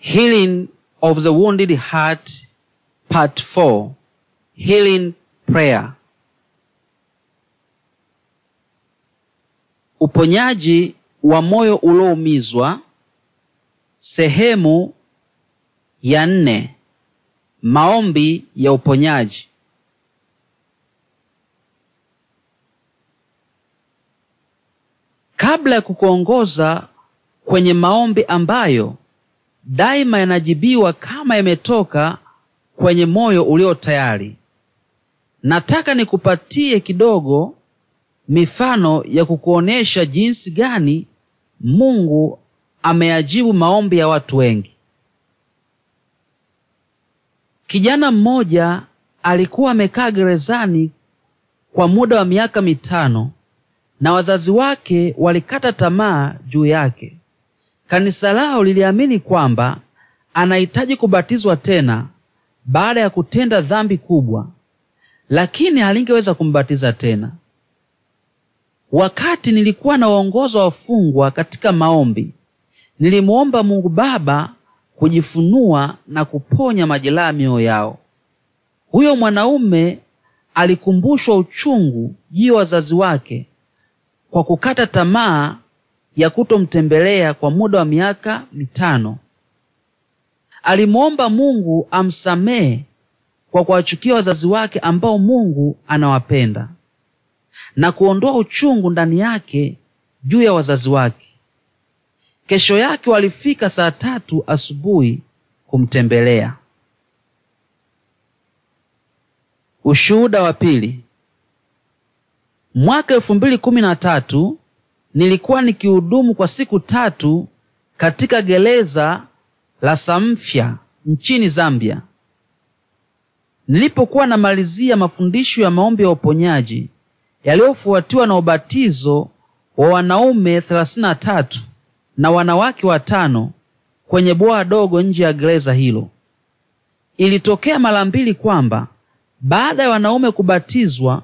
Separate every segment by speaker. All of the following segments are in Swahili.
Speaker 1: Healing of the Wounded Heart, Part 4 Healing Prayer. Uponyaji wa moyo ulioumizwa, sehemu ya nne. Maombi ya uponyaji. Kabla ya kukuongoza kwenye maombi ambayo daima yanajibiwa kama yametoka kwenye moyo ulio tayari. Nataka nikupatie kidogo mifano ya kukuonesha jinsi gani Mungu ameyajibu maombi ya watu wengi. Kijana mmoja alikuwa amekaa gerezani kwa muda wa miaka mitano na wazazi wake walikata tamaa juu yake. Kanisa lao liliamini kwamba anahitaji kubatizwa tena baada ya kutenda dhambi kubwa, lakini halingeweza kumbatiza tena. Wakati nilikuwa na uongozi wa wafungwa katika maombi, nilimwomba Mungu Baba kujifunua na kuponya majeraha mioyo yao. Huyo mwanaume alikumbushwa uchungu juu ya wazazi wake kwa kukata tamaa ya kutomtembelea kwa muda wa miaka mitano. Alimwomba Mungu amsamehe kwa kuwachukia wazazi wake ambao Mungu anawapenda na kuondoa uchungu ndani yake juu ya wazazi wake. Kesho yake walifika saa tatu asubuhi kumtembelea. Ushuhuda wa pili. Mwaka elfu mbili kumi na tatu nilikuwa nikihudumu kwa siku tatu katika gereza la Samfya nchini Zambia. Nilipokuwa namalizia mafundisho ya maombi ya uponyaji yaliyofuatiwa na ubatizo wa wanaume 33 na wanawake watano kwenye bwawa dogo nje ya gereza hilo. Ilitokea mara mbili kwamba baada ya wanaume kubatizwa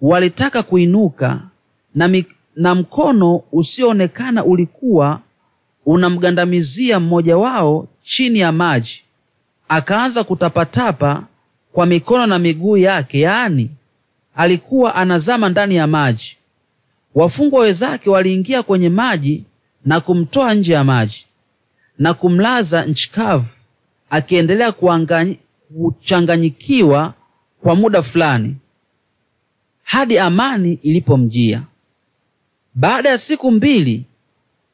Speaker 1: walitaka kuinuka na, mi, na mkono usioonekana ulikuwa unamgandamizia mmoja wao chini ya maji, akaanza kutapatapa kwa mikono na miguu yake, yaani alikuwa anazama ndani ya maji. Wafungwa wenzake waliingia kwenye maji na kumtoa nje ya maji na kumlaza nchi kavu, akiendelea kuchanganyikiwa kwa muda fulani hadi amani ilipomjia. Baada ya siku mbili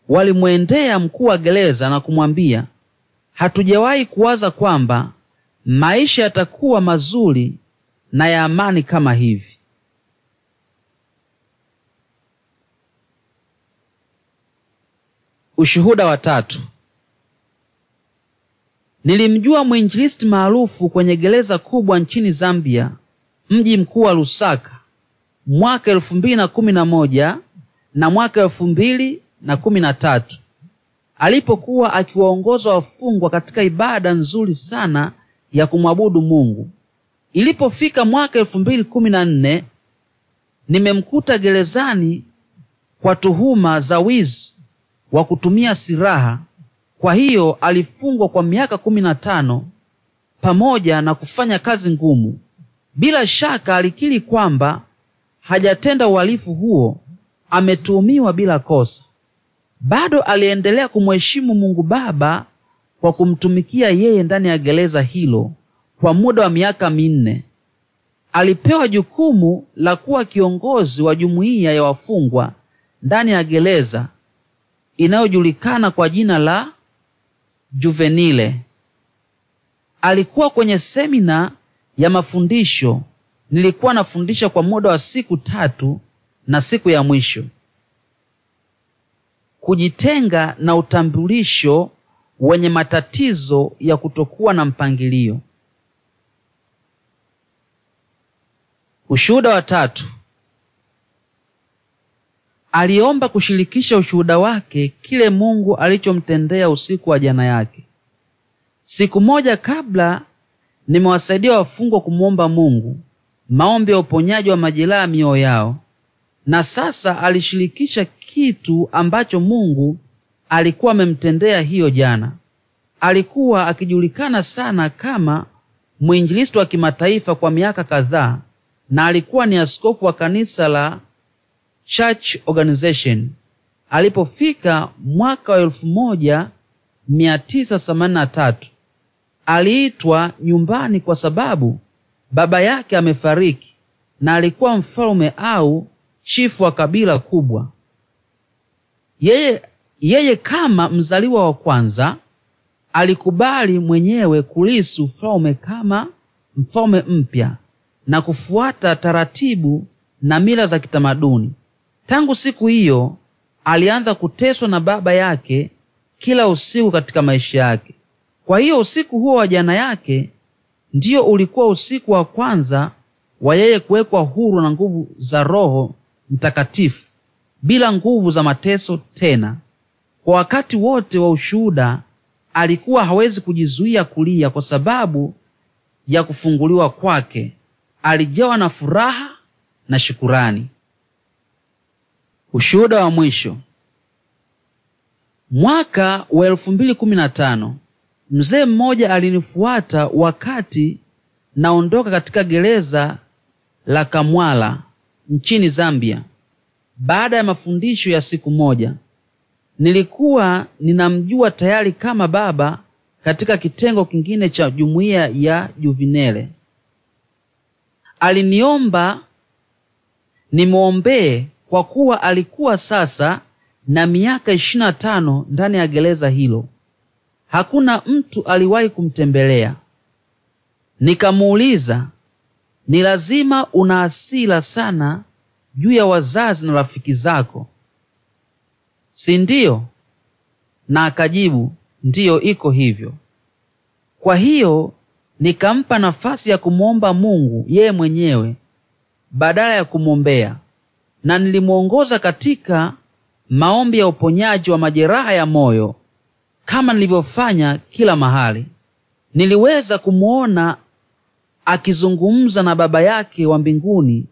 Speaker 1: walimwendea mkuu wa gereza na kumwambia, hatujawahi kuwaza kwamba maisha yatakuwa mazuri na ya amani kama hivi. Ushuhuda wa tatu. Nilimjua mwinjilisti maarufu kwenye gereza kubwa nchini Zambia, mji mkuu wa Lusaka, mwaka elfu mbili na kumi na moja na mwaka elfu mbili na kumi na tatu alipokuwa akiwaongoza wafungwa katika ibada nzuri sana ya kumwabudu Mungu. Ilipofika mwaka elfu mbili kumi na nne nimemkuta gerezani kwa tuhuma za wizi wa kutumia silaha. Kwa hiyo alifungwa kwa miaka kumi na tano pamoja na kufanya kazi ngumu. Bila shaka alikiri kwamba hajatenda uhalifu huo, ametuhumiwa bila kosa, bado aliendelea kumheshimu Mungu Baba kwa kumtumikia yeye ndani ya gereza hilo kwa muda wa miaka minne. Alipewa jukumu la kuwa kiongozi wa jumuiya ya wafungwa ndani ya gereza inayojulikana kwa jina la Juvenile. Alikuwa kwenye semina ya mafundisho. Nilikuwa nafundisha kwa muda wa siku tatu na siku ya mwisho. Kujitenga na utambulisho wenye matatizo ya kutokuwa na mpangilio. Ushuhuda wa tatu, aliomba kushirikisha ushuhuda wake kile Mungu alichomtendea usiku wa jana yake. Siku moja kabla, nimewasaidia wafungwa kumwomba Mungu maombi ya uponyaji wa majeraha mioyo yao na sasa alishirikisha kitu ambacho Mungu alikuwa amemtendea hiyo jana. Alikuwa akijulikana sana kama mwinjilisti wa kimataifa kwa miaka kadhaa, na alikuwa ni askofu wa kanisa la Church Organization. Alipofika mwaka wa elfu aliitwa nyumbani kwa sababu baba yake amefariki na alikuwa mfalme au chifu wa kabila kubwa. Yeye, yeye kama mzaliwa wa kwanza alikubali mwenyewe kulisi ufalme kama mfalme mpya na kufuata taratibu na mila za kitamaduni. Tangu siku hiyo alianza kuteswa na baba yake kila usiku katika maisha yake. Kwa hiyo usiku huo wa jana yake ndiyo ulikuwa usiku wa kwanza wa yeye kuwekwa huru na nguvu za Roho mtakatifu bila nguvu za mateso tena. Kwa wakati wote wa ushuhuda alikuwa hawezi kujizuia kulia kwa sababu ya kufunguliwa kwake. Alijawa na furaha na shukurani. Ushuhuda wa mwisho. Mwaka wa elfu mbili kumi na tano mzee mmoja alinifuata wakati naondoka katika gereza la Kamwala nchini Zambia. Baada ya mafundisho ya siku moja, nilikuwa ninamjua tayari kama baba katika kitengo kingine cha jumuiya ya Juvinele. Aliniomba nimwombee kwa kuwa alikuwa sasa na miaka ishirini na tano ndani ya gereza hilo. Hakuna mtu aliwahi kumtembelea. Nikamuuliza ni lazima una asila sana juu ya wazazi na rafiki zako, si ndiyo? Na akajibu ndiyo, iko hivyo. Kwa hiyo nikampa nafasi ya kumwomba Mungu yeye mwenyewe badala ya kumwombea, na nilimwongoza katika maombi ya uponyaji wa majeraha ya moyo kama nilivyofanya kila mahali. Niliweza kumwona akizungumza na Baba yake wa mbinguni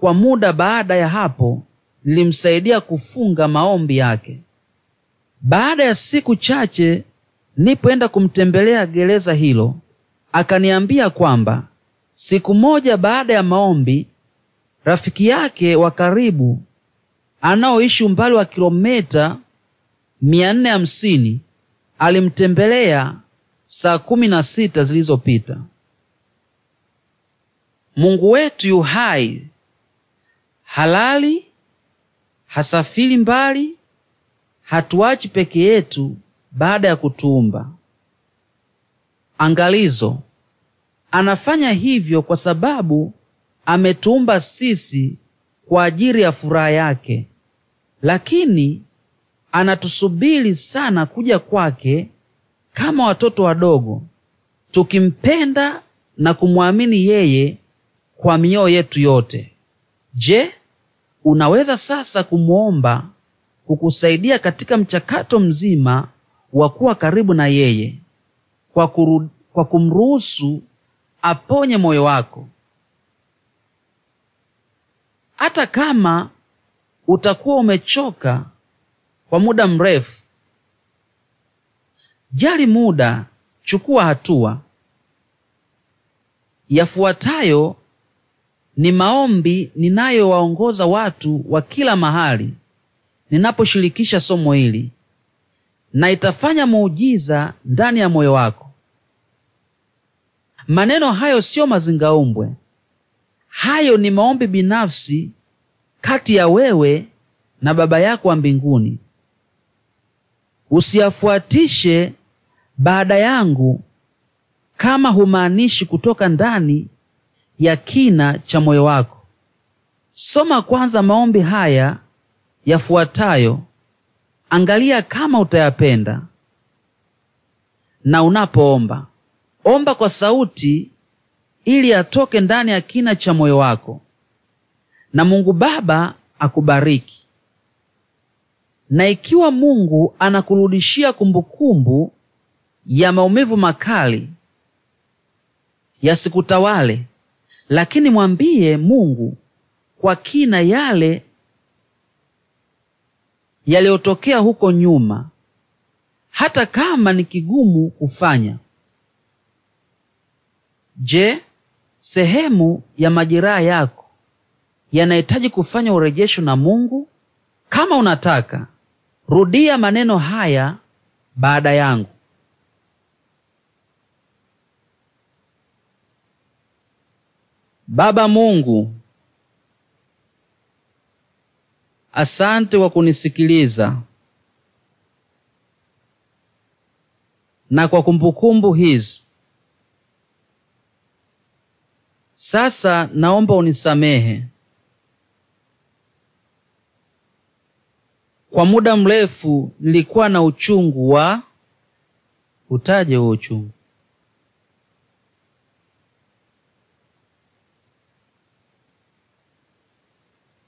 Speaker 1: kwa muda baada ya hapo nilimsaidia kufunga maombi yake. Baada ya siku chache nilipoenda kumtembelea gereza hilo, akaniambia kwamba siku moja baada ya maombi, rafiki yake wa karibu anaoishi umbali wa kilomita 450 alimtembelea saa kumi na sita zilizopita. Mungu wetu yu hai, halali, hasafiri mbali, hatuachi peke yetu baada ya kutuumba. Angalizo, anafanya hivyo kwa sababu ametuumba sisi kwa ajili ya furaha yake, lakini anatusubiri sana kuja kwake kama watoto wadogo, tukimpenda na kumwamini yeye kwa mioyo yetu yote. Je, unaweza sasa kumwomba kukusaidia katika mchakato mzima wa kuwa karibu na yeye kwa, kuru, kwa kumruhusu aponye moyo wako, hata kama utakuwa umechoka kwa muda mrefu. Jali muda, chukua hatua. Yafuatayo ni maombi ninayowaongoza watu wa kila mahali ninaposhirikisha somo hili, na itafanya muujiza ndani ya moyo wako. Maneno hayo siyo mazingaumbwe, hayo ni maombi binafsi kati ya wewe na Baba yako wa mbinguni. Usiyafuatishe baada yangu kama humaanishi kutoka ndani ya kina cha moyo wako. Soma kwanza maombi haya yafuatayo, angalia kama utayapenda. Na unapoomba, omba kwa sauti ili yatoke ndani ya kina cha moyo wako, na Mungu Baba akubariki. Na ikiwa Mungu anakurudishia kumbukumbu ya maumivu makali, yasikutawale lakini mwambie Mungu kwa kina yale yaliyotokea huko nyuma, hata kama ni kigumu kufanya. Je, sehemu ya majeraha yako yanahitaji kufanya urejesho na Mungu? Kama unataka, rudia maneno haya baada yangu. Baba Mungu, asante kwa kunisikiliza na kwa kumbukumbu hizi. Sasa naomba unisamehe. Kwa muda mrefu nilikuwa na uchungu wa, utaje huo uchungu.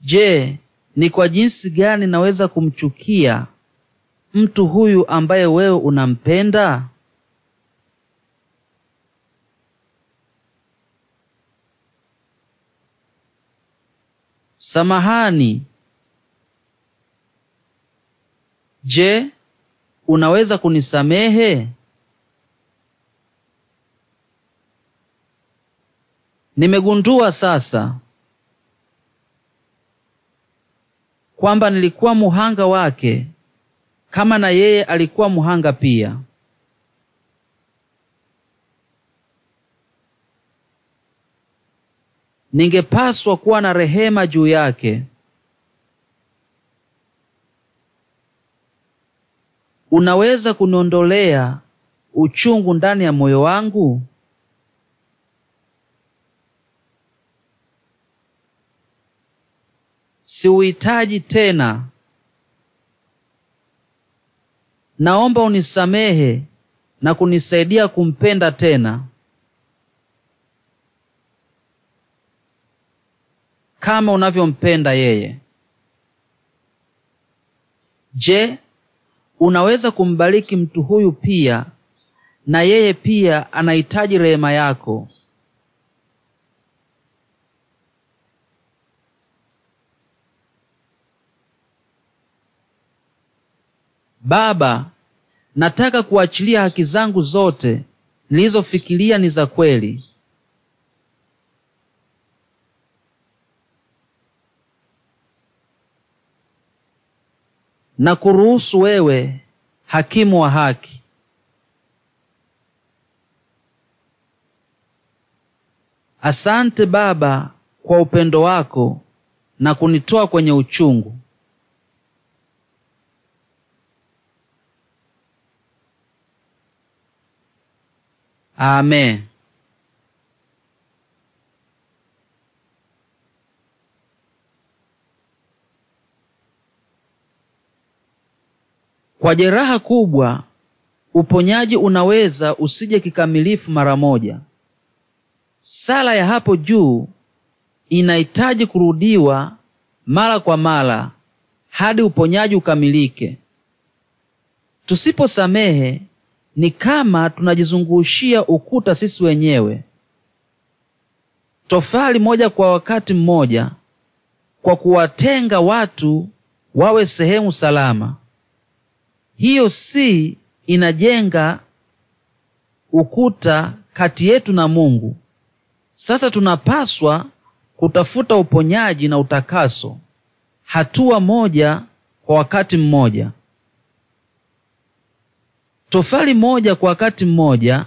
Speaker 1: Je, ni kwa jinsi gani naweza kumchukia mtu huyu ambaye wewe unampenda? Samahani. Je, unaweza kunisamehe? Nimegundua sasa kwamba nilikuwa muhanga wake kama na yeye alikuwa muhanga pia. Ningepaswa kuwa na rehema juu yake. Unaweza kuniondolea uchungu ndani ya moyo wangu? siuhitaji tena, naomba unisamehe na kunisaidia kumpenda tena kama unavyompenda yeye. Je, unaweza kumbariki mtu huyu pia? Na yeye pia anahitaji rehema yako. Baba, nataka kuachilia haki zangu zote nilizofikiria ni za kweli. Na kuruhusu wewe, hakimu wa haki, Asante Baba kwa upendo wako na kunitoa kwenye uchungu. Amen. Kwa jeraha kubwa, uponyaji unaweza usije kikamilifu mara moja. Sala ya hapo juu inahitaji kurudiwa mara kwa mara hadi uponyaji ukamilike. Tusiposamehe ni kama tunajizungushia ukuta sisi wenyewe, tofali moja kwa wakati mmoja, kwa kuwatenga watu wawe sehemu salama. Hiyo si inajenga ukuta kati yetu na Mungu. Sasa tunapaswa kutafuta uponyaji na utakaso hatua moja kwa wakati mmoja tofali moja kwa wakati mmoja.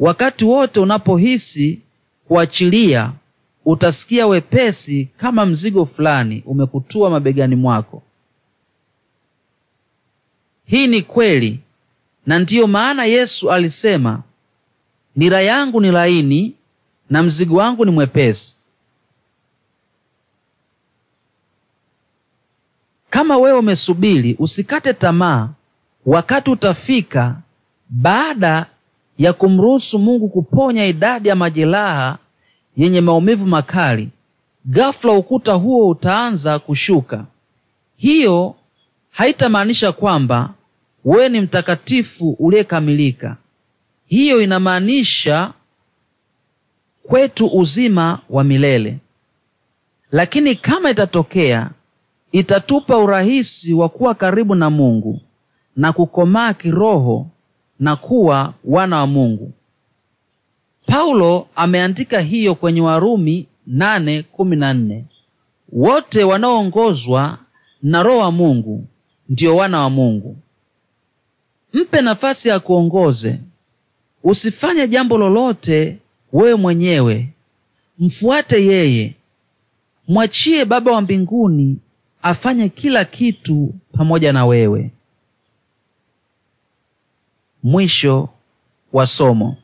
Speaker 1: Wakati wote unapohisi kuachilia, utasikia wepesi kama mzigo fulani umekutua mabegani mwako. Hii ni kweli, na ndiyo maana Yesu alisema, nira yangu ni laini na mzigo wangu ni mwepesi. Kama wewe umesubiri, usikate tamaa wakati utafika baada ya kumruhusu Mungu kuponya idadi ya majeraha yenye maumivu makali, ghafla ukuta huo utaanza kushuka. Hiyo haitamaanisha kwamba wewe ni mtakatifu uliyekamilika. Hiyo inamaanisha kwetu uzima wa milele, lakini kama itatokea, itatupa urahisi wa kuwa karibu na Mungu na kukomaa kiroho na kuwa wana wa Mungu. Paulo ameandika hiyo kwenye Warumi 8:14. Wote wanaoongozwa na Roho wa Mungu ndiyo wana wa Mungu. Mpe nafasi ya kuongoze. Usifanye jambo lolote wewe mwenyewe. Mfuate yeye. Mwachie Baba wa mbinguni afanye kila kitu pamoja na wewe. Mwisho wa somo.